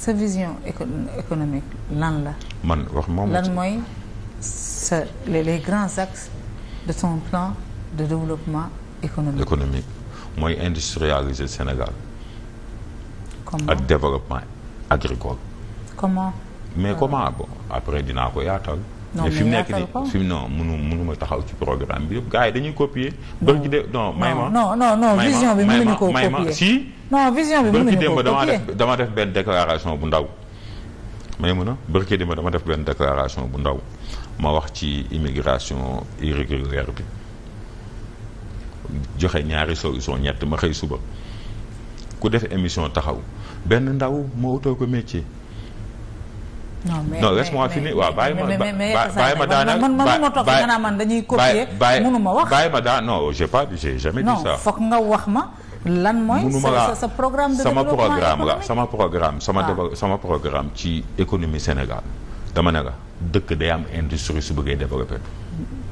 sa vision éco économique lan la. man wax moom lan mooy sa les les grands axes de son plan de développement économique. économique mooy industrialiser Sénégal. comment ak développement agricole. comment mais ah. comment bon après dinaa ko yaatal. non fi mu nekk nii fi mu non mënu mënuma taxaw ci programme bi yëpp gars yi dañuy copier. non de non may ma non non non vision bi mënuñu koo copier may ma si. non vision dama def dama def benn déclaration bu ndaw. may mën a barke démb dama def benn déclaration bu ndaw ma wax ci immigration irrégulière bi joxe ñaari solution ñett ma xëy suba ku def émission taxaw benn ndaw moo utoo ko métier. non mais non laisse-moi finir waaw bàyyi ma bàyyi ma daanaka man man ma toog nga naa man dañuy copier mënuma wax bàyyi ma daan non j'ai pas j'ai jamais dit ça non nga wax ma lan mooy sa sa programme de développement sama programme la sama programme ah. sama programme ci économie Sénégal dama ne la dëkk day am industrie su bëggee développer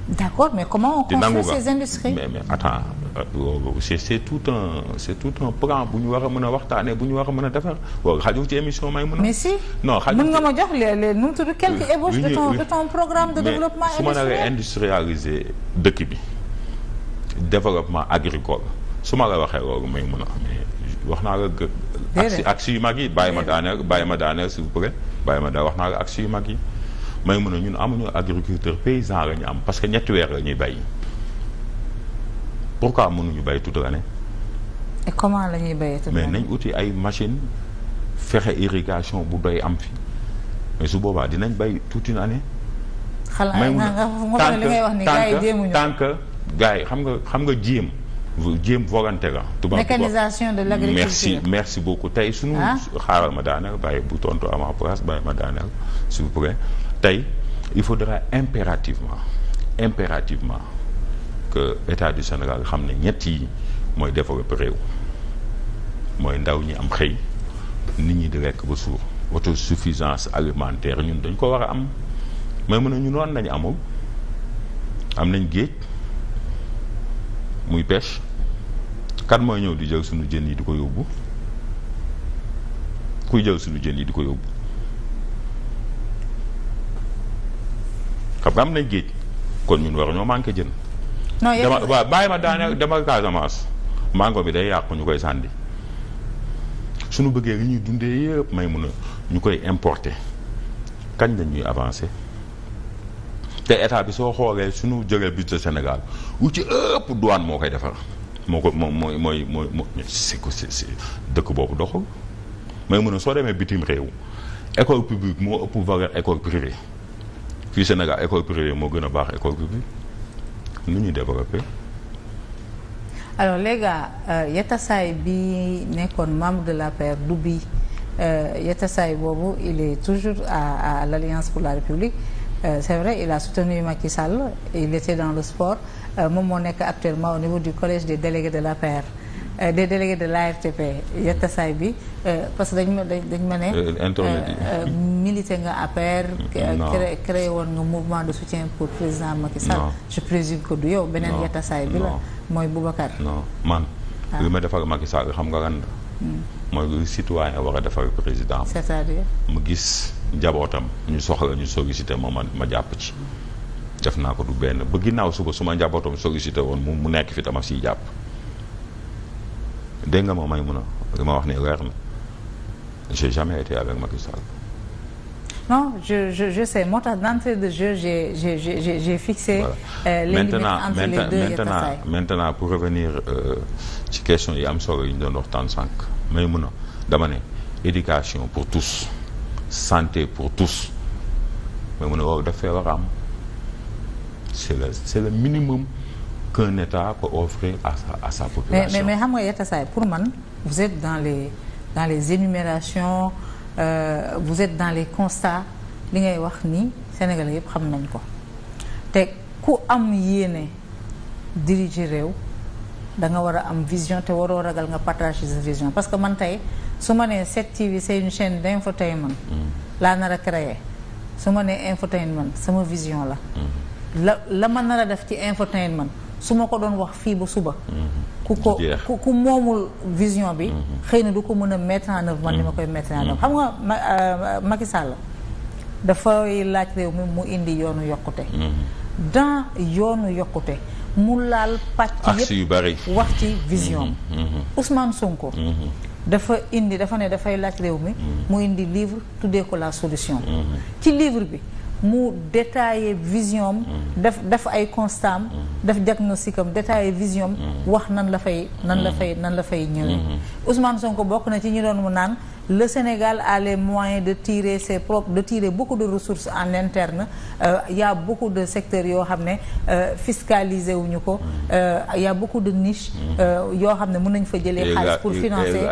d'accord mais comment on construit ces industries mais mais attends euh, oh, oh, c'est c'est tout un c'est tout un plan bu ñu war a mën a waxtaanee bu ñu wax a mën a defar waaw xajul ci émission may mën a. mais si non xajul mën nga ma jox les les nu mu tudd quelques ébauches de ton de ton programme de développement industriel mais su ma naree industrialiser dëkk bi développement agricole su ma la waxee loolu may mën a mais wax naa la que. aksi yu mag yi bàyyi ma daaneel bàyyi ma daaneel s'il vous plaît bàyyi ma daaneel wax naa la aksi yu mag yi. may mun a ñun amuñu agriculteur paysan la ñu am parce que ñetti weer la ñuy bay pourquoi mënuñu bay toute l'année et comment la ñuy bayee mais nañ uti ay machine fexe irrigation bu doy am fi mais su boobaa dinañ bay toute une année. may mun a tant que gars yi xam nga xam nga jéem. jéem volonté la. tubaab mécanisation de l'agriculture merci merci beaucoup tey suñu ah? xaaral ma daaneel bàyyi bu tontu am ma place bàyyi ma daaneel s'il vous plaît. tey il faudra impérativement impérativement que état du Sénégal xam na ñetti yi mooy développer réew mooy ndaw ñi am xëy nit ñi di lekk ba suur autosuffisance alimentaire ñun dañ ko war a am mais mën nañu noonu nañu amul am nañ géej muy peche kan mooy ñëw di jël suñu jën yi di ko yóbbu kuy jël suñu jën yi di ko yóbbu xam am nañ géej kon ñun war ñoo manqué jën. non dama waaw bàyyi ma daane dama Casamance mango bi day yàqu ñu koy sànni suñu bëggee li ñuy dundee yëpp may mun a ñu koy importer kañ la ñuy avancer te état bi soo xoolee suñu jógee budget Sénégal wu ci ëpp douane moo koy defar moo ko moo mooy mooy mooy c'est que c'est dëkk boobu doxul may mun a soo demee bitim réew école publique moo ëpp valeur école privée. fii Sénégal école privée moo gën a baax école publique nu ñuy développé. alors les gars euh, yetasaay bi nekkoon membre de l'APR du bi euh, yetasaay boobu il est toujours à à l'Alliance pour la République euh, c'est vrai il a soutenu Macky Sall il était dans le sport euh, moom moo nekk actuellement au niveau du collège des délégués de l'APR Euh, des délégués de la l'ARTP yettasaay bi euh, parce que dañ ma dañ ma ne euh, milité nga APR créé woon nga mouvement de soutien pour président Macky Sall je présume que du yow beneen yettasaay bi la mooy Boubacar non man ah. li ma defal Macky Sall xam nga lan hmm. mooy lu citoyen war a defal président cest à mu gis njabootam ñu soxla ñu sollicité moom ma ma jàpp ci def naa ko du benn ba ginnaaw suba su ma njabootam sollicité woon mu nekk fi dama siy jàpp dégg nga ma may mun a li ma wax ne weer na jamais été avec Macky non je je je sais moo tax d'entrée de jeu j'ai j'ai j'ai j'ai fixé. Euh, les limites entre les deux maintenant maintenant pour revenir euh, ci euh, question yi am solo yi ñu doon waxtaan sànq may mun a dama ne éducation pour tous santé pour tous may mun a wow daf fee war a am c'est le c'est le minimum. qu'un État peut offrir à sa, à sa population. mais mais xam nga Yatassay pour man vous dans les dans les énumérations euh, vous dans les constats li ngay wax ni Sénégalais yëpp xam nañ ko te ku am yéene diriger réew da nga war a am vision te waroo ragal nga partager vision parce que man tey su ma nee 7TV c'est une chaîne d'infotainment mm-hmm. laa nar a créer su ma nee infotainment sama vision la. Mm-hmm. la la ma nar def ci infotainment su ma ko doon wax fii ba suba. Mhm. ku ko ku moomul vision bi. Mhm. xëy na du ko mën a mettre en œuvre man ni ma mhm. koy mettre en œuvre. xam nga euh, Macky Sall dafay laaj réew mi mu indi yoonu yokkute. dans yoonu yokkute mu laal pàcc yu bari wax ci vision Ousmane Sonko. dafa indi dafa ne dafay laaj réew mi. mu indi livre tuddee ko la solution. ci livre bi. mu détaillé vision am mm. def def ay constat am mm. def diagnostic am détaillé vision am mm. wax nan la fay nan la fay nan la fay ñëwee mm-hmm. Ousmane Sonko bokk na ci ñu doon mu naan le Sénégal a les moyens de tirer ses propres de tirer beaucoup de ressources en interne euh, y a beaucoup de secteurs yoo xam ne euh, fiscalisé wuñu ko euh, y a beaucoup de niches euh, yoo xam ne mun nañ fa jëlee xaalis pour financer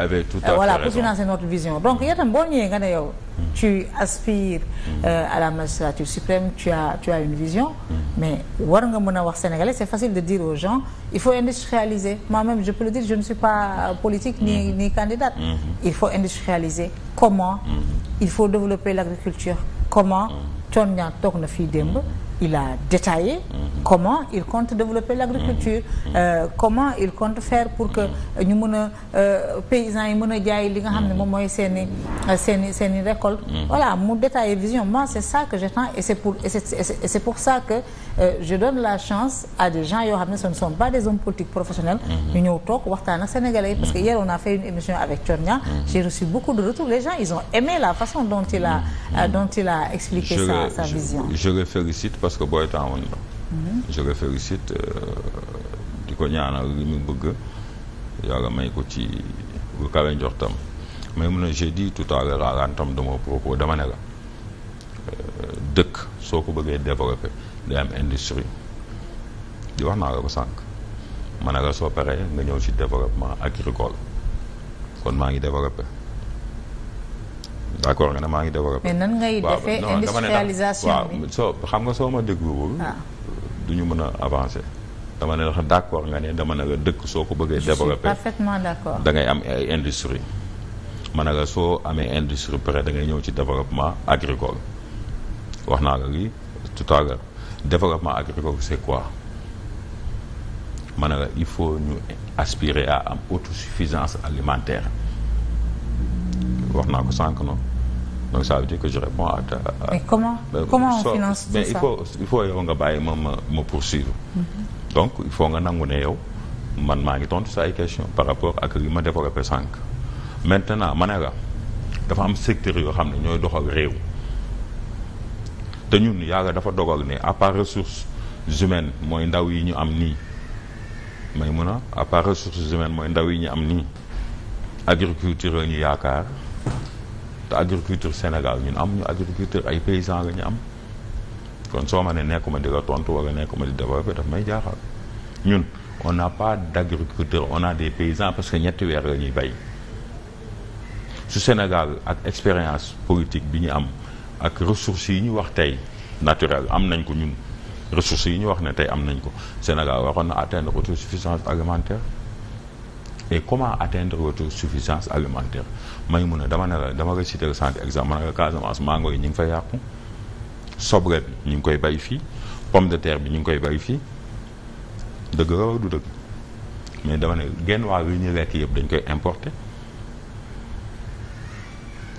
voilà pour financer notre vision donc yow tam boo ñëwee nga ne yow tu aspires euh, à la magistrature suprême tu as tu une vision mais war nga mën a wax sénégalais c'est facile de dire aux gens il faut industrialiser moi-même je peux le dire je ne suis pas euh, politique ni mm-hmm. ni candidate mm-hmm. il faut industrialiser comment mm-hmm. il faut développer l'agriculture comment Thione Niang toog na fii démb il a détaillé mm -hmm. comment il compte développer l'agriculture mm-hmm. euh, comment il compte faire pour que ñu mën a euh, paysans yi mën a jaay li nga xam ne moom mooy seen euh, seen i seen i récolte mm-hmm. voilà mu détaillé vision moi c'est ça que j'attends et c'est pour et que euh, je donne la chance à des gens yoo xam ne ce ne sont pas des hommes politiques professionnels mm-hmm. ñu ñëw toog waxtaan ak sénégalais yi parce que hier on a fait une émission avec Thionia j'ai reçu beaucoup de retours les gens ils ont aimé la façon dont il a expliqué sa le, sa vision parce que booy temps wuñ la mhm. je félicite euh, di ko ñaanal li mu bëgg yàlla may ko ci lu kawe njortam mais mun a j'ai dit tout à l'heure à l'entame propos dama ne la euh, dëkk soo ko bëggee développer day am industrie di wax naa la ko sànq ma ne la soo paree nga ñëw ci développement agricole kon maa ngi développé d' nga ne maa ngi développé. mais nan ngay defee industrialisation bi soo xam nga soo ma dégluwul. Ah. du ñu mën a avancer. dama ne la d' accord nga ne dama ne la dëkk soo ko bëggee. développé parfaitement d' da ngay am industrie ma ne la soo amee industrie pare da ngay ñëw ci développement agricole wax naa la lii tout à l'heure développement agricole c' quoi ma ne la il faut ñu aspirer à am autosuffisance alimentaire wax naa ko sànq noonu. donc ça veut dire que je réponds à. so, on finance mais yow nga bàyyi ma ma ma poursuivre. Mhm. donc il faut nga nangu ne yow man maa ngi tontu sa ay questions par rapport ak li ma développé sànq. maintenant ma ne la dafa am secteur yoo xam ne ñooy doxal réew te ñun yàlla dafa dogal ne à part ressources humaines mooy ndaw yi ñu am nii may mun a à part ressources humaines mooy ndaw yi ñu am nii agriculture la ñu yaakaar. te agriculture Sénégal ñun amuñu agriculture ay paysans la ñu am kon soo ma ne nekkuma di la tontu wala ma di développé daf may jaaxal ñun on n'a pas d'agriculteur on a des paysans parce que ñetti weer la ñuy bay su Sénégal ak expérience politique bi ñu am ak ressources yi ñu wax tey naturel am nañ ko ñun ressources yi ñu wax ne tey am nañ ko Sénégal waxoon na atteindre autosuffisance alimentaire et comment atteindre votre suffisance alimentaire may mun a dama ne la dama koy citer sant exemple ma ne la Casamance mango yi ñu ngi fay yàqu soble ñu ngi koy bay fii pomme de terre bi ñu ngi koy bay fii dëgg la du dëgg mais dama ne genn waa yi ñuy lekk yëpp dañ koy importer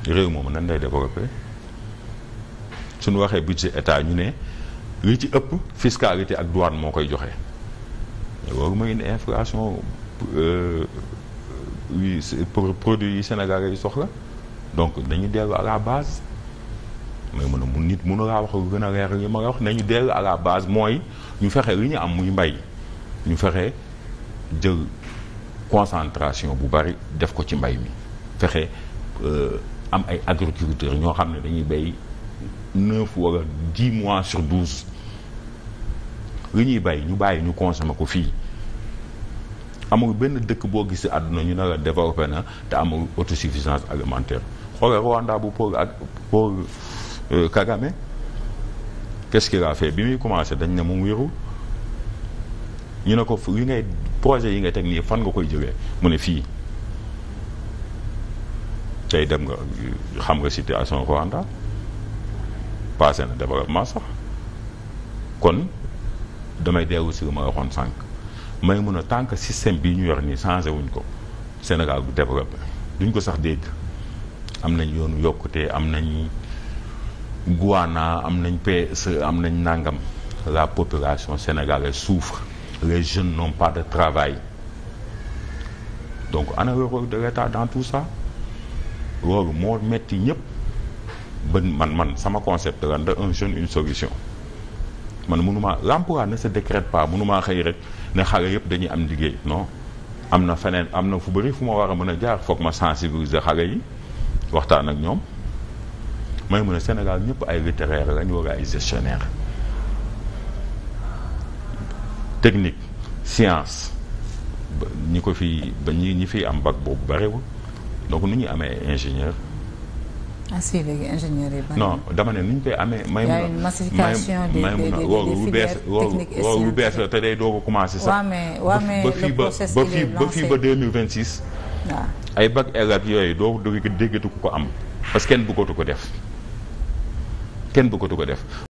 réew moomu na lay développé suñu waxee budget état ñu ne li ci ëpp fiscalité ak douane moo koy joxe loolu ma une inflation. Euh, produits yi Sénégal yi soxla donc nañu dellu à la base mais mën a mun nit mënu laa wax lu gën a leer li ma la wax nañu dellu à la base mooy ñu fexe li ñu am muy mbay ñu fexe jël concentration bu bari def ko ci mbay mi fexe euh, am ay agriculteurs ñoo xam ne dañuy bay neuf wala dix mois sur douze li ñuy bay ñu bàyyi ñu consommer ko fii amul benn dëkk boo gis si àdduna ñu ne la développé na te amul autosuffisance alimentaire xoolal Rwanda bu Paul ak Paul euh, Kagame qu'est-ce qu'il fait bi muy commencé dañ ne mu wéeru ñu ne ko li ngay projet yi nga teg nii fan nga koy jógee mu ne fii tey dem nga xam nga situation Rwanda passé na développement sax kon damay dellu si lu ma waxoon sànq. may mun a tant que système bi ñu yor nii changé wuñ ko Sénégal bu développé duñ ko sax dégg am nañ yoonu yokkute am nañ guana am nañ PSE am nañ nàngam la population sénégalaise souffre les jeunes n'ont pas de travail donc ana le rôle de l'État dans tout sax loolu moo metti ñëpp ba man man sama concept la un jeune une solution man mënumaa l'emploi ne se décrète pas mënumaa xëy rek ne xale yëpp dañuy am liggéey no am na feneen am na fu bëri fu ma war a mën a jaar foog ma sensibiliser xale yi waxtaan ak ñoom may mën a Sénégal ñëpp ay littéraire lañ war ay gestionnaire technique science ñi ko fi ba ñi ñi fiy am bag boobu bëriwul donc ni ñuy amee ingénieur ah dama ne ni ñu koy amee. may mu na massification des des des filières techniques et lu bees la te day doo ko commencé. sax ba fii ba ba fii ba fii ba deux mille vingt six. waaw ay bac elat yooyu doo dégg déggatu ko am parce que kenn bëggatu ko def kenn bëggatu ko def.